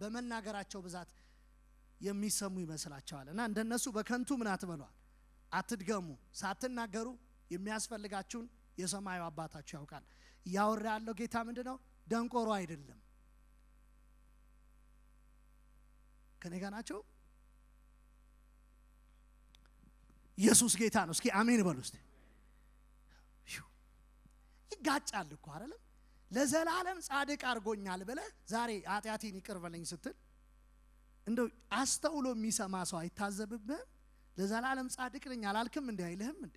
በመናገራቸው ብዛት የሚሰሙ ይመስላቸዋል። እና እንደነሱ በከንቱ ምን አትበሏል፣ አትድገሙ። ሳትናገሩ የሚያስፈልጋችሁን የሰማዩ አባታችሁ ያውቃል። እያወራ ያለው ጌታ ምንድን ነው? ደንቆሮ አይደለም። ከኔ ጋር ናቸው። ኢየሱስ ጌታ ነው። እስኪ አሜን በሉ። እስቲ ይጋጫል እኮ አይደለም ለዘላለም ጻድቅ አድርጎኛል ብለህ ዛሬ ኃጢአቴን ይቅር ስትል እንደው አስተውሎ የሚሰማ ሰው አይታዘብብህም? ለዘላለም ጻድቅ ነኝ አላልክም? እንዲህ አይልህም? እንዴ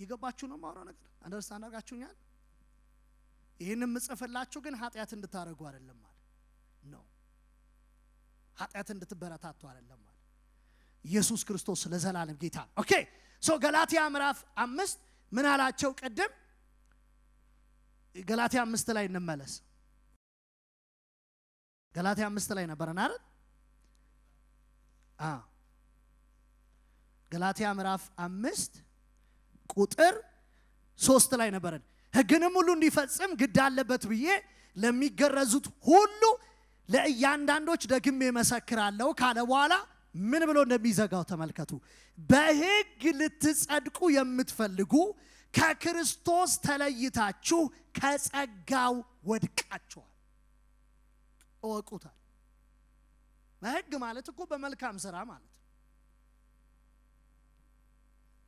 የገባችሁ ነው ማውራው ነገር አንደርስታንድ አድርጋችሁኛል? ይህን የምጽፍላችሁ ግን ኃጢአት እንድታደርጉ አይደለም ማለት ነው። ኃጢአት እንድትበረታቱ አይደለም ማለት ኢየሱስ ክርስቶስ ለዘላለም ጌታ ነው። ኦኬ ሶ ገላትያ ምዕራፍ አምስት ምን አላቸው? ቅድም ገላትያ አምስት ላይ እንመለስ። ገላትያ አምስት ላይ ነበረን አይደል? ገላትያ ምዕራፍ አምስት ቁጥር ሶስት ላይ ነበረን። ህግንም ሁሉ እንዲፈጽም ግድ አለበት ብዬ ለሚገረዙት ሁሉ ለእያንዳንዶች ደግሜ መሰክራለሁ ካለ በኋላ ምን ብሎ እንደሚዘጋው ተመልከቱ። በሕግ ልትጸድቁ የምትፈልጉ ከክርስቶስ ተለይታችሁ ከጸጋው ወድቃችኋል። እወቁታል። በሕግ ማለት እኮ በመልካም ስራ ማለት ነው።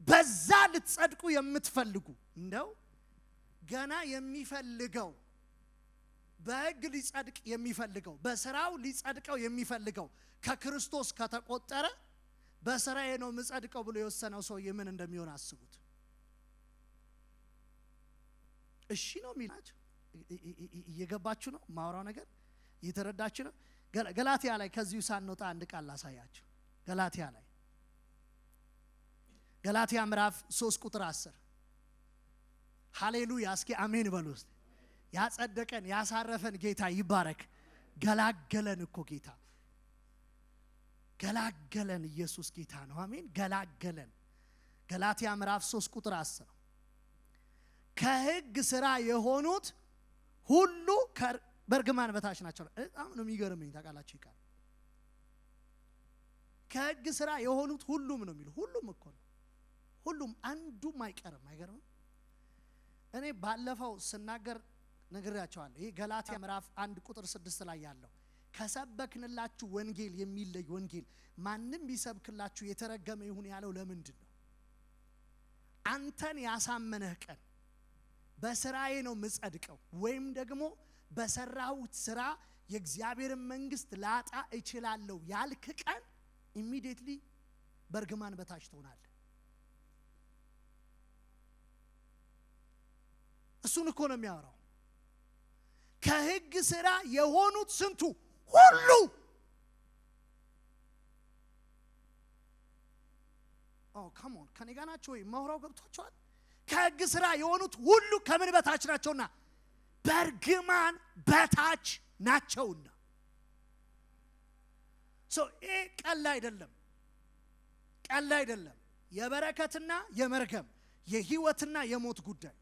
በዛ ልትጸድቁ የምትፈልጉ እንደው ገና የሚፈልገው በህግ ሊጸድቅ የሚፈልገው በስራው ሊጸድቀው የሚፈልገው ከክርስቶስ ከተቆጠረ በስራዬ ነው የምጸድቀው ብሎ የወሰነው ሰውዬ ምን እንደሚሆን አስቡት። እሺ ነው የሚላችሁ? እየገባችሁ ነው? ማውራው ነገር እየተረዳችሁ ነው? ገላትያ ላይ ከዚሁ ሳንወጣ አንድ ቃል ላሳያችሁ። ገላትያ ላይ ገላትያ ምዕራፍ ሶስት ቁጥር አስር ሀሌሉያ። እስኪ አሜን በሉ ውስጥ ያጸደቀን ያሳረፈን ጌታ ይባረክ። ገላገለን እኮ ጌታ ገላገለን። ኢየሱስ ጌታ ነው። አሜን። ገላገለን። ገላትያ ምዕራፍ 3 ቁጥር 10 ከሕግ ስራ የሆኑት ሁሉ በእርግማን በታች ናቸው። በጣም ነው የሚገርመኝ። ታውቃላችሁ ይቃል ከሕግ ስራ የሆኑት ሁሉም ነው የሚሉ ሁሉም እኮ ነው። ሁሉም አንዱም አይቀርም። አይገርምም? እኔ ባለፈው ስናገር ነግራቸዋለሁ። ይህ ገላትያ ምዕራፍ አንድ ቁጥር ስድስት ላይ ያለው ከሰበክንላችሁ ወንጌል የሚለይ ወንጌል ማንም ቢሰብክላችሁ የተረገመ ይሁን ያለው ለምንድን ነው? አንተን ያሳመነህ ቀን በስራዬ ነው የምጸድቀው ወይም ደግሞ በሰራሁት ስራ የእግዚአብሔርን መንግስት ላጣ እችላለሁ ያልክ ቀን ኢሚዲየትሊ በእርግማን በታች ትሆናለህ። እሱን እኮ ነው የሚያወራው። ከህግ ስራ የሆኑት ስንቱ ሁሉ ከሞን ከኔ ጋ ናቸው ወይ? ማውራው ገብቷቸዋል። ከህግ ስራ የሆኑት ሁሉ ከምን በታች ናቸውና በእርግማን በታች ናቸውና። ይሄ ቀላ አይደለም፣ ቀላ አይደለም። የበረከትና የመርገም የህይወትና የሞት ጉዳይ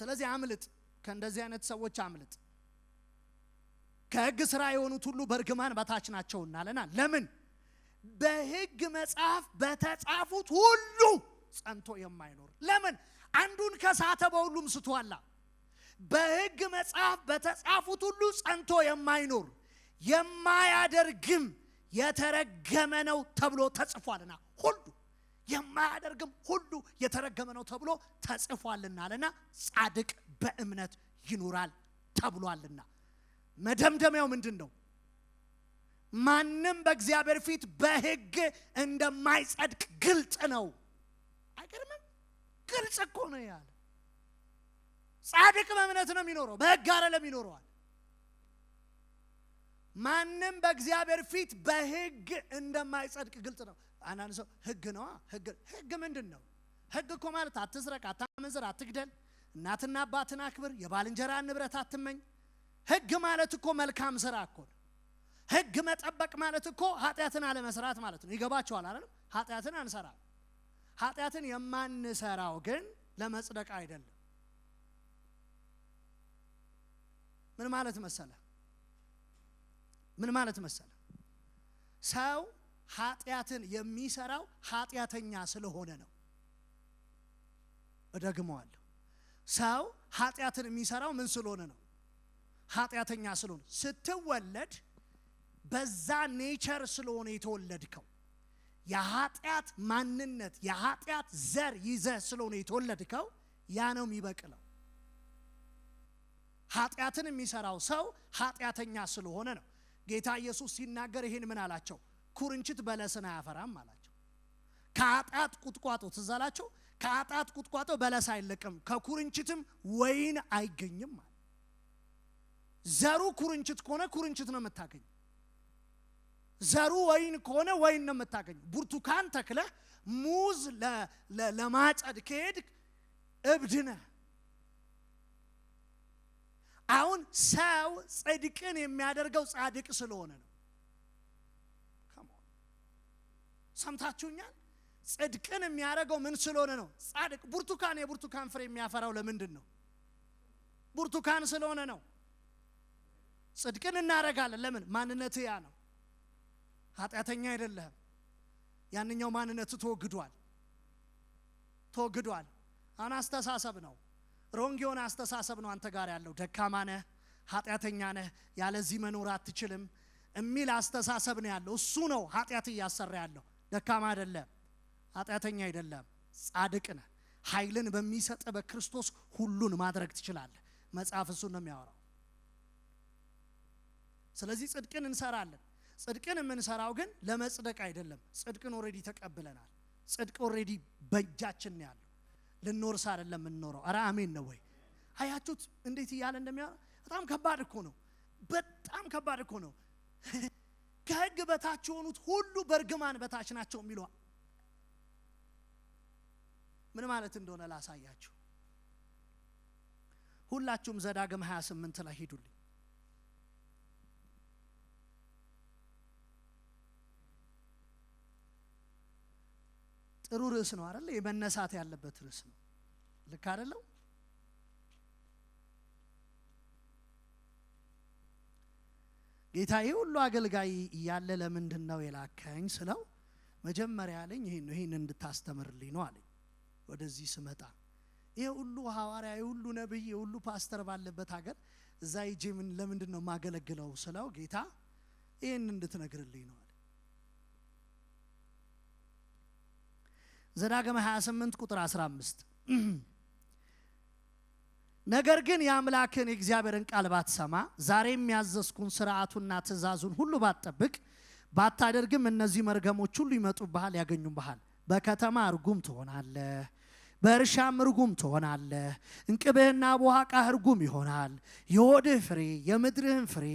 ስለዚህ አምልጥ፣ ከእንደዚህ አይነት ሰዎች አምልጥ። ከህግ ስራ የሆኑት ሁሉ በእርግማን በታች ናቸው እናለና ለምን በህግ መጽሐፍ በተጻፉት ሁሉ ጸንቶ የማይኖር ለምን አንዱን ከሳተ በሁሉም ስቷላ በህግ መጽሐፍ በተጻፉት ሁሉ ጸንቶ የማይኖር የማያደርግም የተረገመ ነው ተብሎ ተጽፏልና ሁሉ የማያደርግም ሁሉ የተረገመ ነው ተብሎ ተጽፏልና አለና ጻድቅ በእምነት ይኖራል ተብሏልና። መደምደሚያው ምንድን ነው? ማንም በእግዚአብሔር ፊት በሕግ እንደማይጸድቅ ግልጽ ነው። አይገርምም? ግልጽ እኮ ነው ያለ። ጻድቅ በእምነት ነው የሚኖረው፣ በሕግ አይደለም ይኖረዋል። ማንም በእግዚአብሔር ፊት በሕግ እንደማይጸድቅ ግልጽ ነው። አንዳንድ ሰው ህግ ነዋ ህግ ህግ ምንድን ነው? ህግ እኮ ማለት አትስረቅ፣ አታመንዝር፣ አትግደል፣ እናትና አባትን አክብር፣ የባልንጀራ ንብረት አትመኝ። ህግ ማለት እኮ መልካም ስራ እኮ ነው። ህግ መጠበቅ ማለት እኮ ኃጢአትን አለመስራት ማለት ነው። ይገባቸዋል አይደለም? ኃጢአትን አንሰራም። ኃጢአትን የማንሰራው ግን ለመጽደቅ አይደለም። ምን ማለት መሰለ ምን ማለት መሰለ ሰው ኃጢአትን የሚሰራው ኃጢአተኛ ስለሆነ ነው። እደግመዋለሁ። ሰው ኃጢአትን የሚሰራው ምን ስለሆነ ነው? ኃጢአተኛ ስለሆነ። ስትወለድ በዛ ኔቸር ስለሆነ የተወለድከው የኃጢአት ማንነት የኃጢአት ዘር ይዘህ ስለሆነ የተወለድከው ያ ነው የሚበቅለው። ኃጢአትን የሚሰራው ሰው ኃጢአተኛ ስለሆነ ነው። ጌታ ኢየሱስ ሲናገር ይህን ምን አላቸው? ኩርንችት በለስን አያፈራም አላቸው። ከአጣጥ ቁጥቋጦ ትዛላቸው ከአጣጥ ቁጥቋጦ በለስ አይለቅም፣ ከኩርንችትም ወይን አይገኝም አለ። ዘሩ ኩርንችት ከሆነ ኩርንችት ነው የምታገኝ። ዘሩ ወይን ከሆነ ወይን ነው የምታገኝ። ብርቱካን ተክለህ ሙዝ ለማጨድ ከሄድ እብድነ አሁን ሰው ጽድቅን የሚያደርገው ጻድቅ ስለሆነ ነው። ሰምታችሁኛል? ጽድቅን የሚያደርገው ምን ስለሆነ ነው? ጻድቅ ብርቱካን፣ የብርቱካን ፍሬ የሚያፈራው ለምንድን ነው? ብርቱካን ስለሆነ ነው። ጽድቅን እናደርጋለን። ለምን? ማንነት ያ ነው። ኃጢአተኛ አይደለህም። ያንኛው ማንነት ተወግዷል፣ ተወግዷል። አሁን አስተሳሰብ ነው፣ ሮንግ የሆነ አስተሳሰብ ነው አንተ ጋር ያለው። ደካማ ነህ፣ ኃጢአተኛ ነህ፣ ያለዚህ መኖር አትችልም የሚል አስተሳሰብ ነው ያለው። እሱ ነው ኃጢአት እያሰራ ያለው። ደካማ አይደለም፣ ኃጢአተኛ አይደለም፣ ጻድቅ ነህ። ኃይልን በሚሰጥ በክርስቶስ ሁሉን ማድረግ ትችላለህ። መጽሐፍ እሱን ነው የሚያወራው። ስለዚህ ጽድቅን እንሰራለን። ጽድቅን የምንሰራው ግን ለመጽደቅ አይደለም። ጽድቅን ኦልሬዲ ተቀብለናል። ጽድቅ ኦልሬዲ በእጃችን ያለ ያለው። ልንወርስ አይደለም የምንኖረው። አረ አሜን ነው ወይ? አያችሁት እንዴት እያለ እንደሚያወራ። በጣም ከባድ እኮ ነው። በጣም ከባድ እኮ ነው። ከህግ በታች የሆኑት ሁሉ በእርግማን በታች ናቸው የሚለዋል ምን ማለት እንደሆነ ላሳያችሁ ሁላችሁም ዘዳግም 28 ላይ ሂዱልኝ ጥሩ ርዕስ ነው አይደል የመነሳት ያለበት ርዕስ ነው ልክ አይደለም ጌታ ይህ ሁሉ አገልጋይ እያለ ለምንድን ነው የላከኝ ስለው መጀመሪያ አለኝ ይህን ይህን እንድታስተምርልኝ ነው አለኝ። ወደዚህ ስመጣ ይህ ሁሉ ሐዋርያ የሁሉ ነቢይ የሁሉ ፓስተር ባለበት ሀገር እዛ ይጄ ምን ለምንድን ነው የማገለግለው ስለው ጌታ ይህን እንድትነግርልኝ ነው አለ። ዘዳግም 28 ቁጥር 15 ነገር ግን የአምላክን የእግዚአብሔርን ቃል ባትሰማ ዛሬ የሚያዘዝኩን ስርዓቱና ትእዛዙን ሁሉ ባትጠብቅ ባታደርግም እነዚህ መርገሞች ሁሉ ይመጡብሃል፣ ያገኙብሃል። በከተማ እርጉም ትሆናለህ፣ በእርሻም እርጉም ትሆናለህ። እንቅብህና ቦሃቃህ እርጉም ይሆናል። የሆድህ ፍሬ፣ የምድርህም ፍሬ፣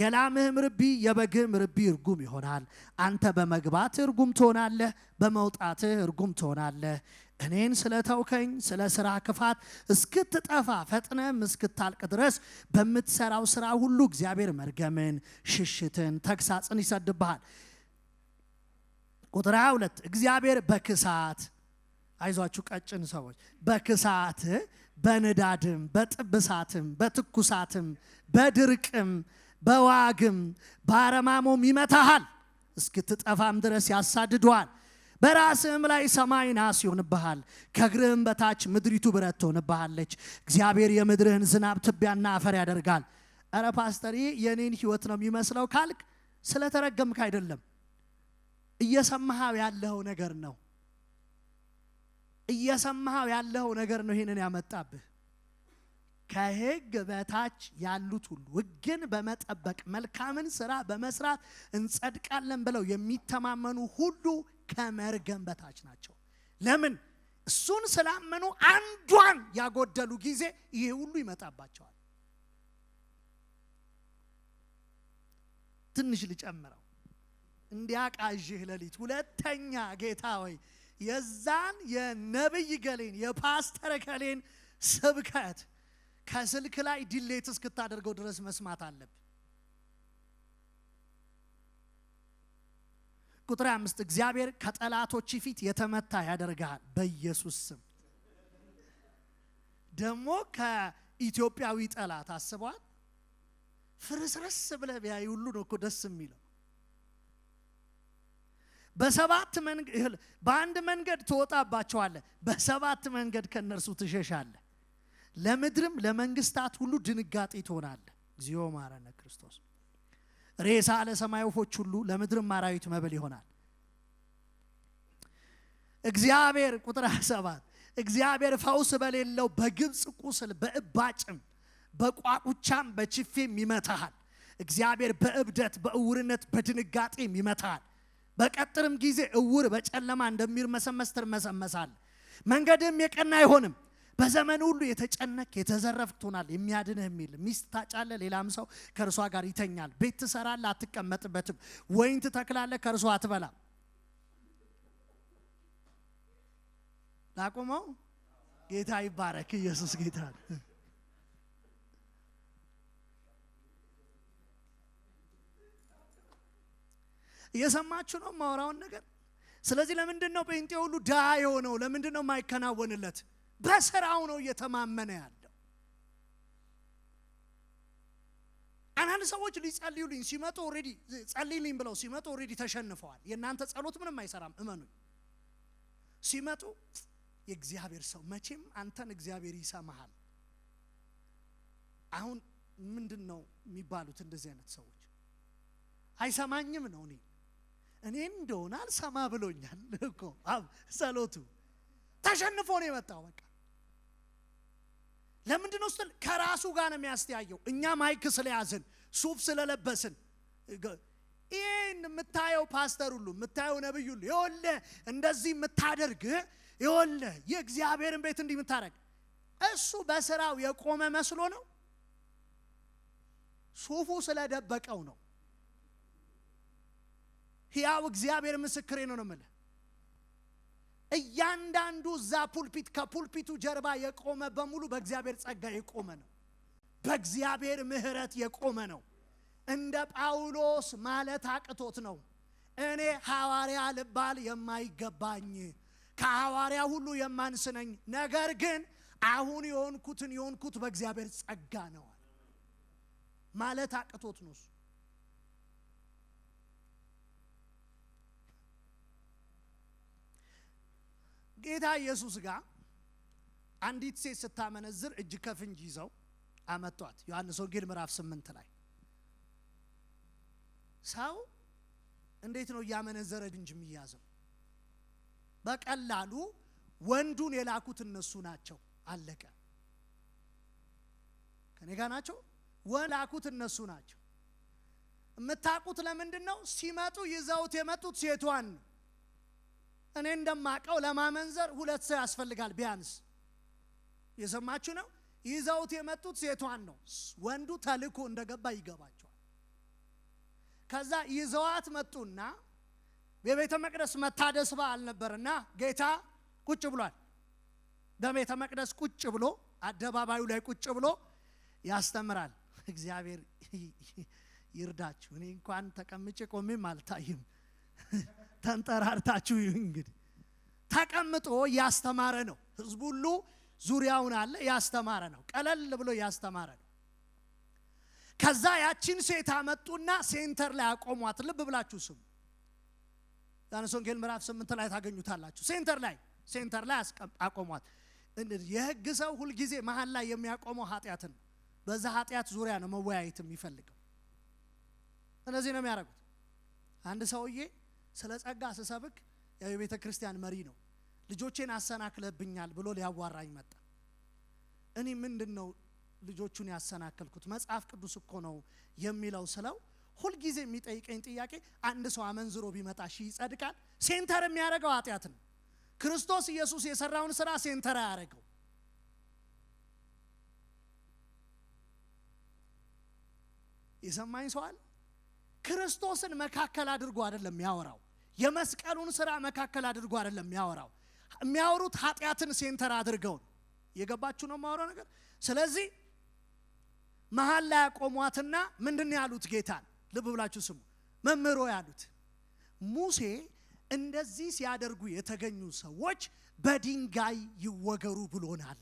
የላምህም ርቢ፣ የበግህም ርቢ እርጉም ይሆናል። አንተ በመግባትህ እርጉም ትሆናለህ፣ በመውጣትህ እርጉም ትሆናለህ። እኔን ስለተውከኝ ስለ ስራ ክፋት እስክትጠፋ ፈጥነም እስክታልቅ ድረስ በምትሰራው ስራ ሁሉ እግዚአብሔር መርገምን፣ ሽሽትን፣ ተግሳጽን ይሰድብሃል። ቁጥር 22 እግዚአብሔር በክሳት አይዟችሁ ቀጭን ሰዎች በክሳት በንዳድም በጥብሳትም በትኩሳትም በድርቅም በዋግም በአረማሞም ይመታሃል፣ እስክትጠፋም ድረስ ያሳድደዋል። በራስህም ላይ ሰማይ ናስ ይሆንብሃል፣ ከእግርህም በታች ምድሪቱ ብረት ትሆንብሃለች። እግዚአብሔር የምድርህን ዝናብ ትቢያና አፈር ያደርጋል። እረ ፓስተር፣ ይህ የኔን ህይወት ነው የሚመስለው ካልክ ስለተረገምክ አይደለም፣ እየሰማሃው ያለኸው ነገር ነው። እየሰማሃው ያለኸው ነገር ነው ይህንን ያመጣብህ። ከህግ በታች ያሉት ሁሉ ህግን በመጠበቅ መልካምን ስራ በመስራት እንጸድቃለን ብለው የሚተማመኑ ሁሉ ከመርገም በታች ናቸው። ለምን? እሱን ስላመኑ አንዷን ያጎደሉ ጊዜ ይሄ ሁሉ ይመጣባቸዋል። ትንሽ ልጨምረው እንዲያቃዥህ ሌሊት ሁለተኛ ጌታ ወይ የዛን የነብይ ገሌን የፓስተር ገሌን ስብከት ከስልክ ላይ ዲሌት እስክታደርገው ድረስ መስማት አለብን። ቁጥር አምስት እግዚአብሔር ከጠላቶች ፊት የተመታ ያደርግሃል በኢየሱስ ስም። ደግሞ ከኢትዮጵያዊ ጠላት አስበዋል። ፍርስርስ ብለህ ቢያይ ሁሉ ነው እኮ ደስ የሚለው። በሰባት መንገድ በአንድ መንገድ ትወጣባቸዋለህ፣ በሰባት መንገድ ከእነርሱ ትሸሻለህ። ለምድርም ለመንግስታት ሁሉ ድንጋጤ ትሆናለህ። እግዚኦ ማረነ ክርስቶስ ሬሳ ለሰማይ ወፎች ሁሉ ለምድርም አራዊት መብል ይሆናል። እግዚአብሔር ቁጥር 27 እግዚአብሔር ፈውስ በሌለው በግብፅ ቁስል በእባጭም በቋቁቻም በችፌም ይመታሃል። እግዚአብሔር በእብደት በእውርነት በድንጋጤም ይመታሃል። በቀትርም ጊዜ እውር በጨለማ እንደሚርመሰመስ ትርመሰመሳል። መንገድም የቀና አይሆንም። በዘመን ሁሉ የተጨነቅ የተዘረፍክ ትሆናል የሚያድንህ የሚል ሚስት ታጫለ፣ ሌላም ሰው ከእርሷ ጋር ይተኛል። ቤት ትሰራለ፣ አትቀመጥበትም። ወይን ትተክላለ፣ ከእርሷ አትበላም። ላቁመው። ጌታ ይባረክ። ኢየሱስ ጌታ እየሰማችሁ ነው ማውራውን ነገር። ስለዚህ ለምንድን ነው ጴንጤ ሁሉ ድሃ የሆነው? ለምንድን ነው የማይከናወንለት? በስራው ነው እየተማመነ ያለው። አንዳንድ ሰዎች ሊጸልዩልኝ ሲመጡ ኦልሬዲ ጸልይልኝ ብለው ሲመጡ ኦልሬዲ ተሸንፈዋል። የእናንተ ጸሎት ምንም አይሰራም፣ እመኑኝ። ሲመጡ የእግዚአብሔር ሰው መቼም አንተን እግዚአብሔር ይሰማሃል። አሁን ምንድን ነው የሚባሉት እንደዚህ አይነት ሰዎች? አይሰማኝም ነው እኔ እኔ እንደሆነ አልሰማ ብሎኛል እኮ ጸሎቱ ተሸንፎ ነው የመጣው። በቃ ለምንድን ነው ስትል ከራሱ ጋር ነው የሚያስተያየው። እኛ ማይክ ስለያዝን ሱፍ ስለለበስን ይህን የምታየው ፓስተር ሁሉ የምታየው ነብይ ሁሉ ይወለ እንደዚህ የምታደርግ ይወለ የእግዚአብሔርን ቤት እንዲህ የምታደርግ እሱ በስራው የቆመ መስሎ ነው። ሱፉ ስለደበቀው ነው። ያው እግዚአብሔር ምስክሬ ነው ነው የምልህ እያንዳንዱ እዛ ፑልፒት ከፑልፒቱ ጀርባ የቆመ በሙሉ በእግዚአብሔር ጸጋ የቆመ ነው። በእግዚአብሔር ምሕረት የቆመ ነው። እንደ ጳውሎስ ማለት አቅቶት ነው እኔ ሐዋርያ ልባል የማይገባኝ ከሐዋርያ ሁሉ የማንስነኝ ነገር ግን አሁን የሆንኩትን የሆንኩት በእግዚአብሔር ጸጋ ነው ማለት አቅቶት ነው እሱ ጌታ ኢየሱስ ጋር አንዲት ሴት ስታመነዝር እጅ ከፍንጅ ይዘው አመጧት። ዮሐንስ ወንጌል ምዕራፍ ስምንት ላይ ሰው እንዴት ነው እያመነዘረ ድንጅ የሚያዘው? በቀላሉ ወንዱን የላኩት እነሱ ናቸው። አለቀ። ከኔ ጋር ናቸው። ወላኩት እነሱ ናቸው። የምታውቁት ለምንድን ነው? ሲመጡ ይዘውት የመጡት ሴቷን ነው። እኔ እንደማቀው ለማመንዘር ሁለት ሰው ያስፈልጋል ቢያንስ። የሰማችሁ ነው። ይዘውት የመጡት ሴቷን ነው። ወንዱ ተልኮ እንደገባ ይገባቸዋል። ከዛ ይዘዋት መጡና የቤተ መቅደስ መታደስ በዓል ነበርና ጌታ ቁጭ ብሏል። በቤተ መቅደስ ቁጭ ብሎ አደባባዩ ላይ ቁጭ ብሎ ያስተምራል። እግዚአብሔር ይርዳችሁ። እኔ እንኳን ተቀምጬ ቆሜም አልታይም። ተንጠራርታችሁ ይህ እንግዲህ ተቀምጦ ያስተማረ ነው። ህዝቡ ሁሉ ዙሪያውን አለ ያስተማረ ነው። ቀለል ብሎ ያስተማረ ነው። ከዛ ያችን ሴት አመጡና ሴንተር ላይ አቆሟት። ልብ ብላችሁ ስሙ። ዮሐንስ ወንጌል ምዕራፍ ስምንት ላይ ታገኙታላችሁ። ሴንተር ላይ ሴንተር ላይ አቆሟት። የህግ ሰው ሁልጊዜ መሀል ላይ የሚያቆመው ኃጢአትን ነው። በዛ ኃጢአት ዙሪያ ነው መወያየት የሚፈልገው። እነዚህ ነው የሚያደርጉት። አንድ ሰውዬ ስለ ጸጋ ስሰብክ ያው የቤተ ክርስቲያን መሪ ነው። ልጆቼን አሰናክለብኛል ብሎ ሊያዋራኝ መጣ። እኔ ምንድን ነው ልጆቹን ያሰናከልኩት መጽሐፍ ቅዱስ እኮ ነው የሚለው ስለው ሁልጊዜ የሚጠይቀኝ ጥያቄ አንድ ሰው አመንዝሮ ቢመጣ ሺ ይጸድቃል። ሴንተር የሚያደርገው ኃጢአት ነው። ክርስቶስ ኢየሱስ የሰራውን ስራ ሴንተር አያደርገው። የሰማኝ ሰዋል ክርስቶስን መካከል አድርጎ አይደለም ያወራው የመስቀሉን ስራ መካከል አድርጎ አይደለም የሚያወራው። የሚያወሩት ኃጢአትን ሴንተር አድርገው ነው። የገባችሁ ነው የማወራው ነገር። ስለዚህ መሀል ላይ ያቆሟትና ምንድን ያሉት ጌታን ልብ ብላችሁ ስሙ። መምህሮ ያሉት ሙሴ እንደዚህ ሲያደርጉ የተገኙ ሰዎች በድንጋይ ይወገሩ ብሎናል።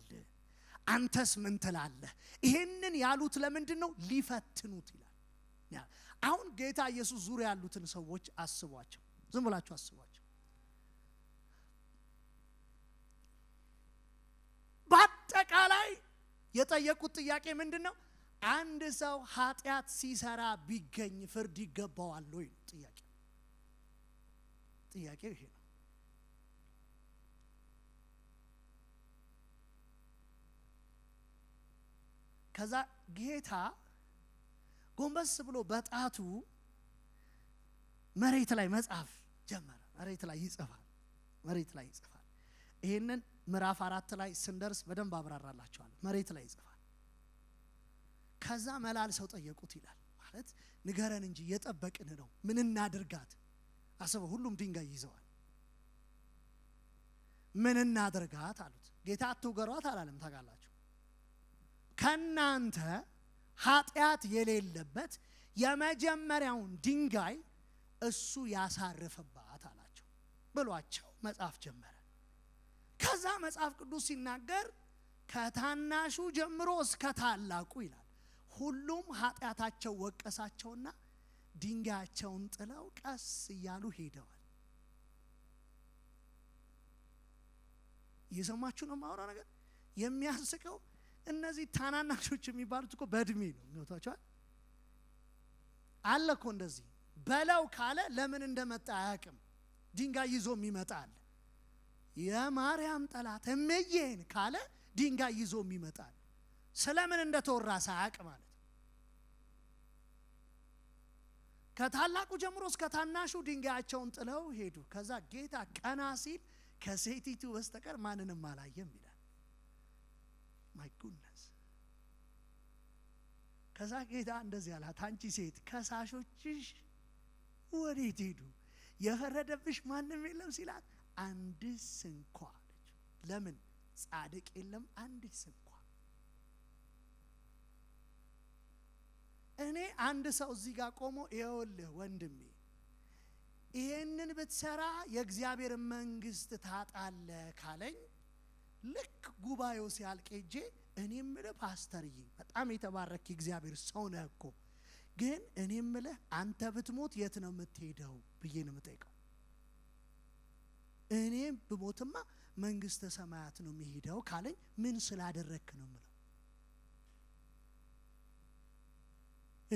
አንተስ ምን ትላለህ? ይሄንን ያሉት ለምንድን ነው? ሊፈትኑት ይላል። አሁን ጌታ ኢየሱስ ዙሪያ ያሉትን ሰዎች አስቧቸው። ዝም ብላችሁ አስቧቸው። በአጠቃላይ የጠየቁት ጥያቄ ምንድን ነው? አንድ ሰው ኃጢአት ሲሰራ ቢገኝ ፍርድ ይገባዋል ወይ? ጥያቄ ጥያቄው ይሄ ነው። ከዛ ጌታ ጎንበስ ብሎ በጣቱ መሬት ላይ መጽሐፍ? ጀመረ። መሬት ላይ ይጽፋል፣ መሬት ላይ ይጽፋል። ይህንን ምዕራፍ አራት ላይ ስንደርስ በደንብ አብራራላቸዋል መሬት ላይ ይጽፋል። ከዛ መላል ሰው ጠየቁት ይላል ማለት ንገረን እንጂ የጠበቅን ነው ምን እናድርጋት? አስበው፣ ሁሉም ድንጋይ ይዘዋል። ምን እናድርጋት አሉት። ጌታ አትውገሯት አላለም። ታውቃላችሁ ከእናንተ ኃጢአት የሌለበት የመጀመሪያውን ድንጋይ እሱ ያሳረፈባት አላቸው ብሏቸው መጽሐፍ ጀመረ። ከዛ መጽሐፍ ቅዱስ ሲናገር ከታናሹ ጀምሮ እስከ ታላቁ ይላል ሁሉም ኃጢአታቸው ወቀሳቸውና ድንጋያቸውን ጥለው ቀስ እያሉ ሄደዋል። እየሰማችሁ ነው የማወራው ነገር። የሚያስቀው እነዚህ ታናናሾች የሚባሉት እኮ በእድሜ ነው። ገብቷቸዋል አለ እኮ እንደዚህ በለው ካለ ለምን እንደመጣ አያውቅም። ድንጋይ ይዞም ይመጣል። የማርያም ጠላት እምዬን ካለ ድንጋይ ይዞም ይመጣል። ስለምን እንደተወራ ሳያውቅ ማለት ከታላቁ ጀምሮ እስከ ታናሹ ድንጋያቸውን ጥለው ሄዱ። ከዛ ጌታ ቀና ሲል ከሴቲቱ በስተቀር ማንንም አላየም ይላል። ማይ ጉድነስ ከዛ ጌታ እንደዚህ አላት፣ አንቺ ሴት ከሳሾችሽ ወዴት ሄዱ? የፈረደብሽ ማንም የለም ሲላት አንድስ እንኳ አለች። ለምን ጻድቅ የለም አንድስ እንኳ። እኔ አንድ ሰው እዚህ ጋር ቆሞ ይኸውልህ ወንድሜ ይሄንን ብትሰራ የእግዚአብሔር መንግስት ታጣለ ካለኝ ልክ ጉባኤው ሲያልቅ ሄጄ እኔ የምልህ ፓስተርዬ በጣም የተባረክ እግዚአብሔር ሰው ነህ እኮ ግን እኔ ምልህ አንተ ብትሞት የት ነው የምትሄደው ብዬ ነው የምጠይቀው። እኔ ብሞትማ መንግስተ ሰማያት ነው የሚሄደው ካለኝ ምን ስላደረግክ ነው ምለው።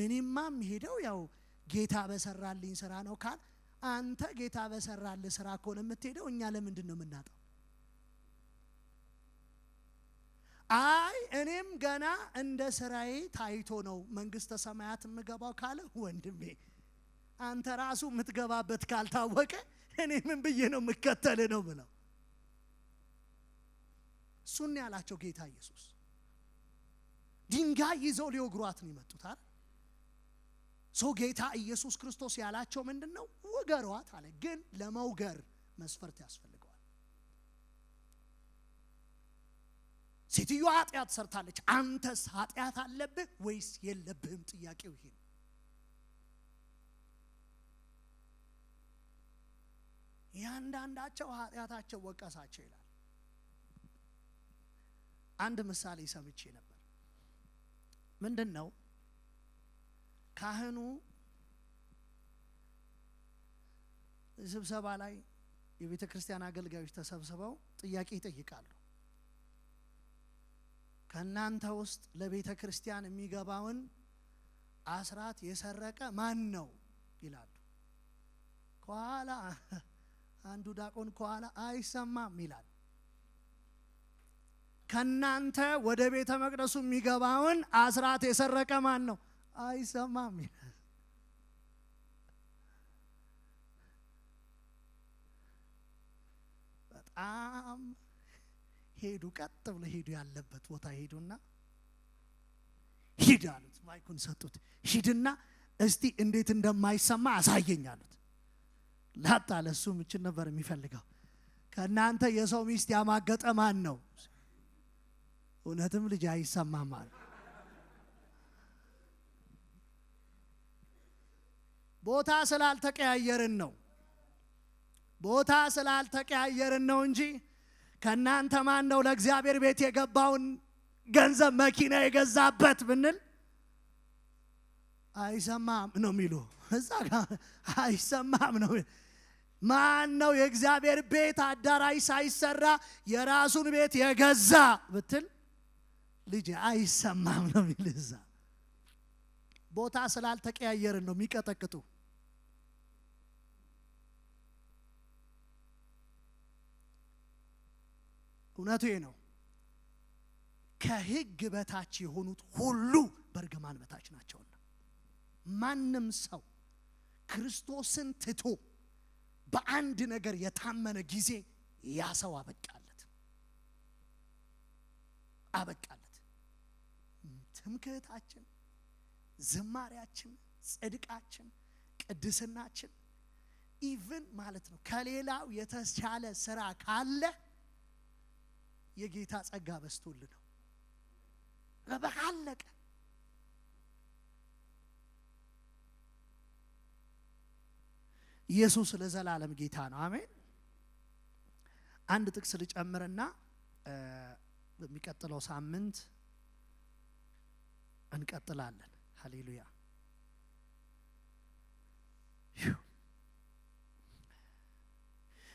እኔማ የሚሄደው ያው ጌታ በሰራልኝ ስራ ነው ካል አንተ ጌታ በሰራልህ ስራ ከሆነ የምትሄደው እኛ ለምንድን ነው የምናጣው? አይ እኔም ገና እንደ ስራዬ ታይቶ ነው መንግስተ ሰማያት የምገባው ካለ ወንድሜ አንተ ራሱ የምትገባበት ካልታወቀ እኔ ምን ብዬ ነው የምከተል ነው ብለው እሱን ያላቸው ጌታ ኢየሱስ ድንጋይ ይዘው ሊወግሯት ነው የመጡት ሰው ጌታ ኢየሱስ ክርስቶስ ያላቸው ምንድን ነው ውገሯት አለ ግን ለመውገር መስፈርት ያስፈልጋል ሴትዮዋ ኃጢአት ሰርታለች። አንተስ ኃጢአት አለብህ ወይስ የለብህም? ጥያቄው ይሄ ነው። ያንዳንዳቸው ኃጢአታቸው ወቀሳቸው ይላል። አንድ ምሳሌ ሰምቼ ነበር። ምንድን ነው ካህኑ ስብሰባ ላይ የቤተ ክርስቲያን አገልጋዮች ተሰብስበው ጥያቄ ይጠይቃሉ። ከእናንተ ውስጥ ለቤተ ክርስቲያን የሚገባውን አስራት የሰረቀ ማን ነው ይላሉ። ከኋላ አንዱ ዲያቆን ከኋላ አይሰማም ይላል። ከእናንተ ወደ ቤተ መቅደሱ የሚገባውን አስራት የሰረቀ ማን ነው? አይሰማም ይላል። በጣም ሄዱ። ቀጥ ብሎ ሄዱ፣ ያለበት ቦታ ሄዱና ሂድ አሉት። ማይኩን ሰጡት። ሂድና እስቲ እንዴት እንደማይሰማ አሳየኝ አሉት። ላጣ ለሱ ምችን ነበር የሚፈልገው። ከእናንተ የሰው ሚስት ያማገጠ ማን ነው? እውነትም ልጅ አይሰማም አሉ። ቦታ ስላልተቀያየርን ነው ቦታ ስላልተቀያየርን ነው እንጂ ከእናንተ ማን ነው ለእግዚአብሔር ቤት የገባውን ገንዘብ መኪና የገዛበት ብንል አይሰማም ነው የሚሉ እዛ ጋ አይሰማም ነው። ማን ነው የእግዚአብሔር ቤት አዳራሽ ሳይሰራ የራሱን ቤት የገዛ ብትል ልጅ አይሰማም ነው የሚል እዛ ቦታ ስላልተቀያየርን ነው የሚቀጠቅጡ እውነቱ ነው። ከህግ በታች የሆኑት ሁሉ በእርግማን በታች ናቸውና ማንም ሰው ክርስቶስን ትቶ በአንድ ነገር የታመነ ጊዜ ያ ሰው አበቃለት አበቃለት። ትምክህታችን፣ ዝማሪያችን፣ ጽድቃችን፣ ቅድስናችን ኢቭን ማለት ነው ከሌላው የተሻለ ስራ ካለ የጌታ ጸጋ በስቶል ነው። በቃ አለቀ። ኢየሱስ ለዘላለም ጌታ ነው። አሜን። አንድ ጥቅስ ልጨምርና በሚቀጥለው ሳምንት እንቀጥላለን። ሀሌሉያ።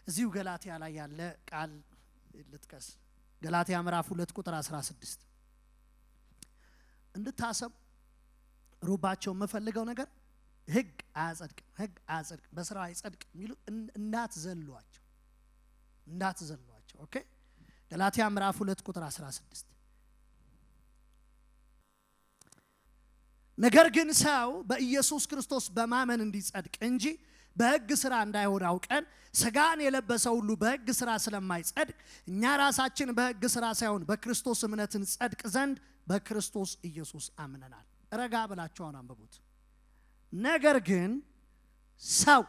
እዚሁ ገላትያ ላይ ያለ ቃል ልጥቀስ። ገላትያ ምዕራፍ 2 ቁጥር 16 እንድታሰብ ሩባቸው የምፈልገው ነገር ህግ አያጸድቅም፣ ህግ አያጸድቅም፣ በስራ አይጸድቅም የሚሉ እንዳትዘሏቸው፣ እንዳትዘሏቸው። ኦኬ ገላትያ ምዕራፍ 2 ቁጥር 16 ነገር ግን ሰው በኢየሱስ ክርስቶስ በማመን እንዲጸድቅ እንጂ በሕግ ስራ እንዳይሆን አውቀን ስጋን የለበሰ ሁሉ በሕግ ስራ ስለማይጸድቅ እኛ ራሳችን በሕግ ስራ ሳይሆን በክርስቶስ እምነት እንጸድቅ ዘንድ በክርስቶስ ኢየሱስ አምነናል። ረጋ ብላችኋን አንብቡት። ነገር ግን ሰው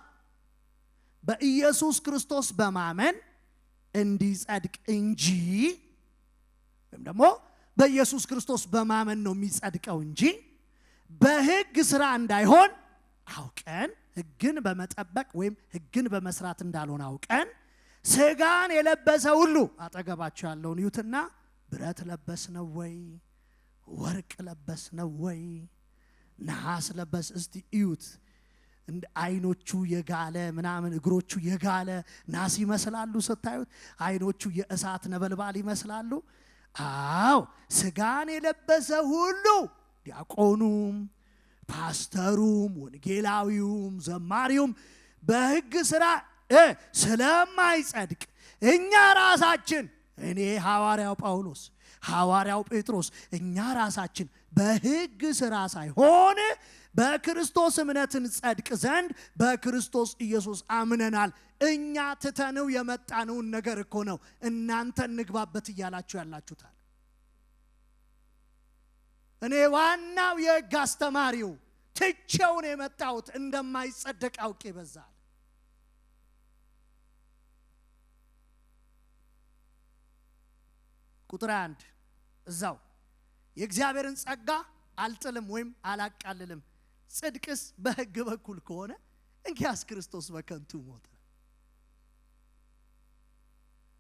በኢየሱስ ክርስቶስ በማመን እንዲጸድቅ እንጂ ወይም ደግሞ በኢየሱስ ክርስቶስ በማመን ነው የሚጸድቀው እንጂ በሕግ ስራ እንዳይሆን አውቀን ህግን በመጠበቅ ወይም ህግን በመስራት እንዳልሆነ አውቀን ስጋን የለበሰ ሁሉ አጠገባቸው ያለውን እዩትና፣ ብረት ለበስ ነው ወይ? ወርቅ ለበስ ነው ወይ? ነሐስ ለበስ? እስቲ እዩት። አይኖቹ የጋለ ምናምን እግሮቹ የጋለ ናስ ይመስላሉ። ስታዩት አይኖቹ የእሳት ነበልባል ይመስላሉ። አዎ ስጋን የለበሰ ሁሉ ዲያቆኑም ፓስተሩም ወንጌላዊውም ዘማሪውም በሕግ ሥራ ስለማይጸድቅ እኛ ራሳችን እኔ ሐዋርያው ጳውሎስ ሐዋርያው ጴጥሮስ እኛ ራሳችን በሕግ ሥራ ሳይሆን በክርስቶስ እምነትን ጸድቅ ዘንድ በክርስቶስ ኢየሱስ አምነናል። እኛ ትተነው የመጣነውን ነገር እኮ ነው እናንተ እንግባበት እያላችሁ ያላችሁታል። እኔ ዋናው የህግ አስተማሪው ትቼውን የመጣሁት እንደማይጸደቅ አውቅ ይበዛል። ቁጥር አንድ እዛው የእግዚአብሔርን ጸጋ አልጥልም ወይም አላቃልልም፣ ጽድቅስ በህግ በኩል ከሆነ እንኪያስ ክርስቶስ በከንቱ ሞተ።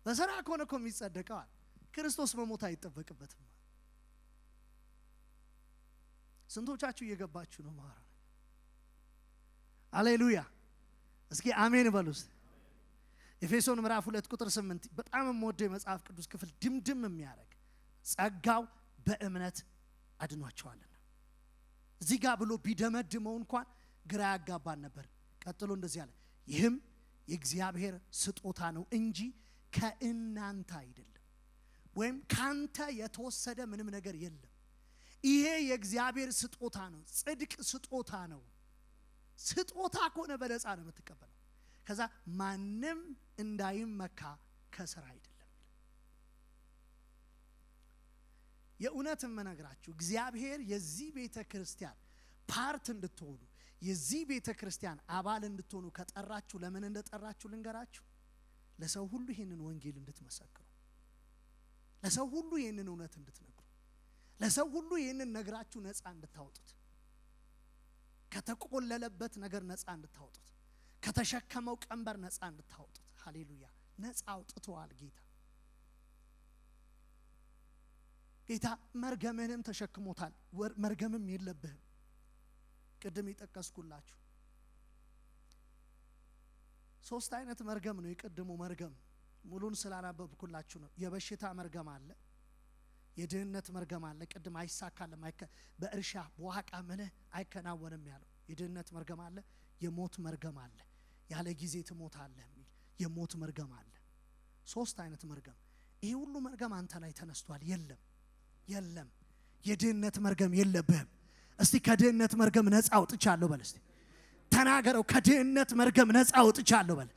በስራ ከሆነ እኮ የሚጸደቀዋል። ክርስቶስ መሞት አይጠበቅበትም። ስንቶቻችሁ እየገባችሁ ነው? ማራ አሌሉያ። እስኪ አሜን በሉስ። ኤፌሶን ምዕራፍ ሁለት ቁጥር ስምንት በጣም የምወደው የመጽሐፍ ቅዱስ ክፍል ድምድም የሚያደርግ ጸጋው በእምነት አድኗቸዋልና እዚህ ጋር ብሎ ቢደመድመው እንኳን ግራ ያጋባን ነበር። ቀጥሎ እንደዚህ አለ፣ ይህም የእግዚአብሔር ስጦታ ነው እንጂ ከእናንተ አይደለም፣ ወይም ካንተ የተወሰደ ምንም ነገር የለም ይሄ የእግዚአብሔር ስጦታ ነው። ጽድቅ ስጦታ ነው። ስጦታ ከሆነ በነፃ ነው የምትቀበለው። ከዛ ማንም እንዳይመካ ከስራ አይደለም። የእውነት የምነግራችሁ እግዚአብሔር የዚህ ቤተ ክርስቲያን ፓርት እንድትሆኑ የዚህ ቤተ ክርስቲያን አባል እንድትሆኑ ከጠራችሁ ለምን እንደጠራችሁ ልንገራችሁ። ለሰው ሁሉ ይህንን ወንጌል እንድትመሰክሩ፣ ለሰው ሁሉ ይህንን እውነት እንድትነግሩ ለሰው ሁሉ ይህንን ነግራችሁ ነፃ እንድታወጡት ከተቆለለበት ነገር ነፃ እንድታወጡት ከተሸከመው ቀንበር ነፃ እንድታወጡት። ሀሌሉያ! ነፃ አውጥተዋል ጌታ። ጌታ መርገምህንም ተሸክሞታል። መርገምም የለብህም። ቅድም የጠቀስኩላችሁ ሶስት አይነት መርገም ነው። የቅድሙ መርገም ሙሉን ስላነበብኩላችሁ ነው። የበሽታ መርገም አለ የድህነት መርገም አለ። ቅድም አይሳካልም፣ በእርሻ በዋቃ ምልህ አይከናወንም ያለው የድህነት መርገም አለ፣ የሞት መርገም አለ፣ ያለ ጊዜ ትሞታለህ የሚል የሞት መርገም አለ። ሶስት አይነት መርገም። ይሄ ሁሉ መርገም አንተ ላይ ተነስቷል። የለም የለም፣ የድህነት መርገም የለብህም። እስቲ ከድህነት መርገም ነፃ አውጥቻለሁ በል። እስቲ ተናገረው። ከድህነት መርገም ነፃ አውጥቻለሁ በል።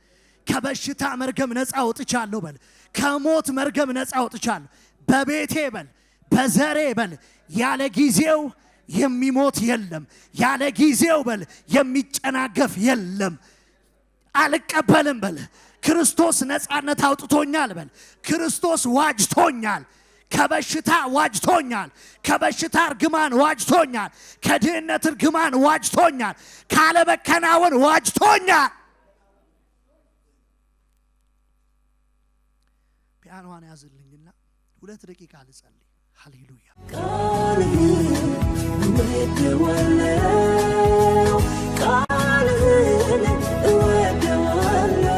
ከበሽታ መርገም ነፃ አውጥቻለሁ በል። ከሞት መርገም ነፃ አውጥቻለሁ በቤቴ በል በዘሬ በል ያለ ጊዜው የሚሞት የለም። ያለ ጊዜው በል የሚጨናገፍ የለም። አልቀበልም በል ክርስቶስ ነፃነት አውጥቶኛል በል ክርስቶስ ዋጅቶኛል ከበሽታ ዋጅቶኛል። ከበሽታ እርግማን ዋጅቶኛል። ከድህነት እርግማን ዋጅቶኛል። ካለመከናወን ዋጅቶኛል። ፒያኗን ያዝል ሁለት ደቂቃ ልጸልይ። ሃሌሉያ